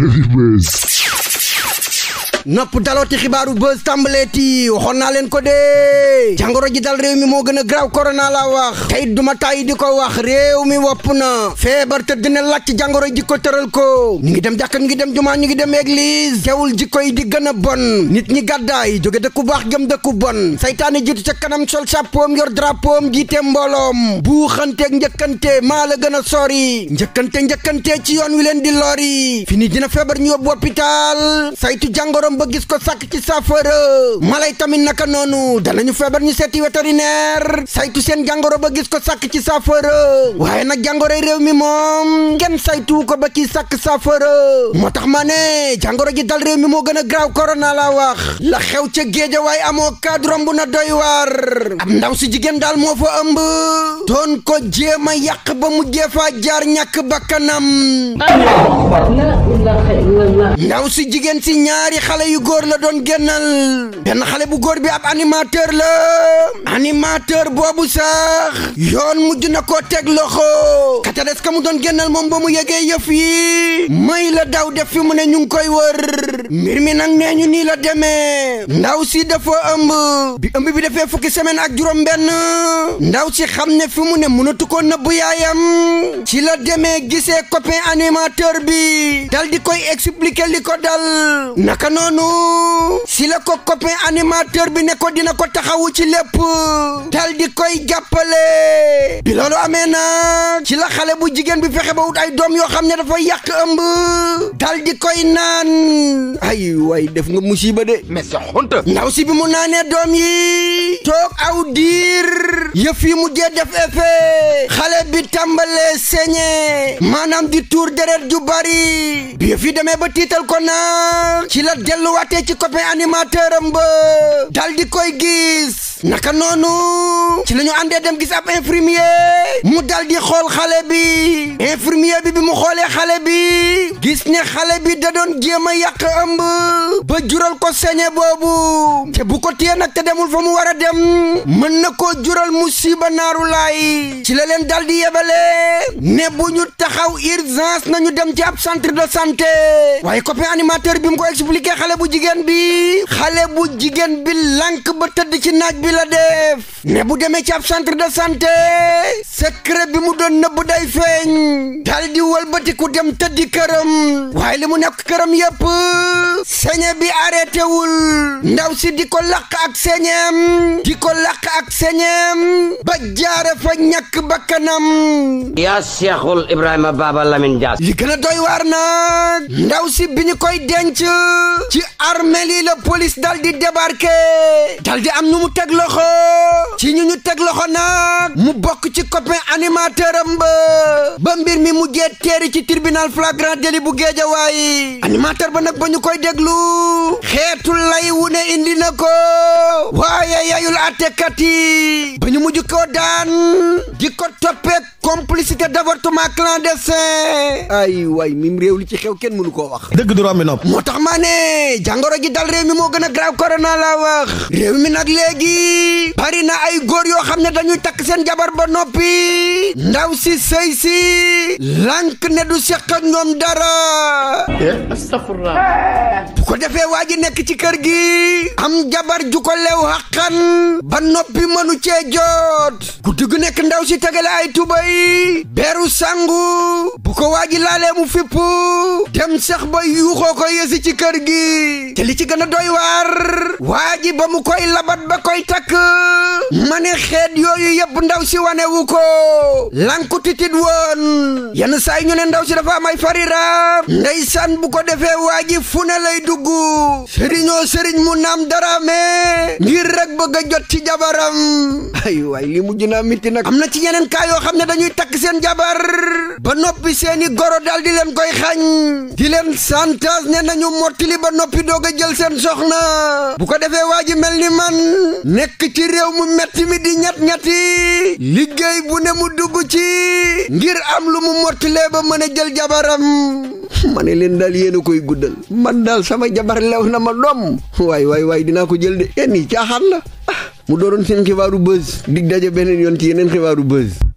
Heavy Waves. nopp dalooti xibaaru buzz tàmbaleeti waxoon naa leen ko dee jangoro ji dal réew mi moo gën a graw korona la wax tey duma tàyyi di ko wax réew mi wopp na feebar te dina làcc jàngoro ji ko tëral ko ñu ngi dem jàkka ñu ngi dem jumaa ñu ngi dem église teewul jikko yi di gën a bon nit ñi gàddaay jóge dëkku baax gëm dëkku bon saytaane jiitu ca kanam sol sàppoom yor drapoom jiite mbooloom buuxanteeg njëkkante maa la gën a sori njëkkante njëkkante ci yoon wi leen di lori fini dina feebar ñu yóbbu hôpital saytu jàngoro yaram ba gis ko sàkk ci saafara mala yi tamit naka noonu danañu feebar ñu seeti vétérinaire saytu seen jàngoro ba gis ko sàkk ci saafara waaye nag jàngoroy réew mi moom ngeen saytu ko ba ci sàkk saafara moo tax ma ne jàngoro ji dal réew mi moo gën a graaw korona la wax la xew ca géej waaye amoo cadre romb na doy waar am ndaw si jigéen daal moo fa ëmb doon ko jéem a yàq ba mu jeefaa jaar ñàkk bakkanam ndaw si jigéen si ñaari xale xale yu góor la doon génnal benn xale bu góor bi ab animateur la animateur boobu sax yoon mujj na ko teg loxo kata des ka mu doon génnal moom ba mu yegee yëf yi may la daw def fi mu ne ñu ngi koy wër mbir mi nag nee ñu nii la demee ndaw si dafa ëmb bi ëmb bi defee fukki semaine ak juróom benn ndaw si xam ne fi mu ne mënatu ko nëbbu yaayam ci la demee gisee copain animateur bi dal di koy expliquer li ko dal noonu si la ko copain animateur bi nekkoon dina ko taxawu ci lépp dal di koy jàppale bi a amee ci la xale bu jigéen bi fexe ba wut ay doom yoo xam ne dafa yàq ëmb dal di koy naan ay way def nga musiba de mais sa xonta ndaw si bi mu naanee doom yi toog aw diir yëf yi mujjee def xale bi tàmbalee saigné maanaam di tuur deret ju bari bi yëf yi demee ba tiital ko nag ci la delluwaatee ci copain animateur am ba dal di koy gis naka noonu ci la ñu àndee dem gis ab infirmier mu dal di xool xale bi infirmier bi bi mu xoolee xale bi gis ne xale bi da doon jéem a yàq ëmb ba jural ko sañe boobu te bu ko téye nag te demul fa mu war a dem mën na koo jural musiba naaru laay ci la leen dal di yebale ne bu ñu taxaw urgence nañu dem ci ab centre de santé waaye copain animateur bi mu ko expliqué xale bu jigéen bi xale bu jigéen bi lànk ba tëdd ci naaj bi la def ne bu demee ci ab centre de santé secret bi mu doon nëbb day feeñ daal di wëlbatiku dem tëddi këram waaye li mu nekk këram yëpp señe bi arrêté wul ndaw si di ko laq ak señeem di ko laq ak señeem ba jaare fa ñàkk bakkanam yaa seexul Ibrahima Baba Lamine Dias li gën doy waar nag ndaw si bi ñu koy denc ci armeel yi la police dal am ñu mu teg loxo ci ñu ñu teg loxo nag mu bokk ci copain animateur am ba ba mbir mi mu jee teeri ci tirbinal flagrant délit bu waaye animateur ba nag ba ñu koy déglu xeetu lay wu ne indi na ko waaye yayul attekat yi ba ñu mujj koo daan di ko toppee complicité d'avortement clandestin ay waay mim réew li ci xew kenn mënu koo wax dëgg du rombi nopp moo tax maa ne jàngoro ji dal réew mi moo gën a grave corona laa wax réew mi nag léegi bari na ay góor yoo xam ne dañuy takk seen jabar ba noppi ndaw si sëy si lank ne du seq ak ñoom dara eh, astafurlah eh! ko defee waa ji nekk ci kër gi am jabar ju ko lew xaqan ba noppi mënu cee jot guddi gu nekk ndaw si tegale ay tubay beeru sangu bu ko waa ji laalee mu fipp dem sax ba yuuxoo ko yësi ci kër gi te li ci gën a doy waar waa ji ba mu koy labat ba koy takk ma ne xeet yooyu yëpp ndaw si wanewu ko lankutitit woon yenn saa yi ñu ne ndaw si dafa am ay fariraam ndeysaan bu ko defee waa ji fu ne duggu sëriñoo sëriñ mu naam daraamee ngir rek bëgg a jot ci jabaram ay waay li mujj naa mitti nag am na ci yeneen kaa yoo xam ne dañuy takk seen jabar ba noppi seeni goro daal di leen koy xañ di leen santaas ne nañu mottili ba noppi doog a jël seen soxna bu ko defee waa ji mel ni man nekk ci réew mu metti mi di ñat-ñati liggéey bu ne mu dugg ci ngir am lu mu mottilee ba mën a jël jabaram ma ne leen daal yéen a koy guddal man daal sama jabar lew na ma doom waay waay waay dinaa ko jël de yéen eh, ñi caaxaan la ah, mu dooroon seen xibaaru buzz dig daje beneen yoon ci yeneen xibaaru buzz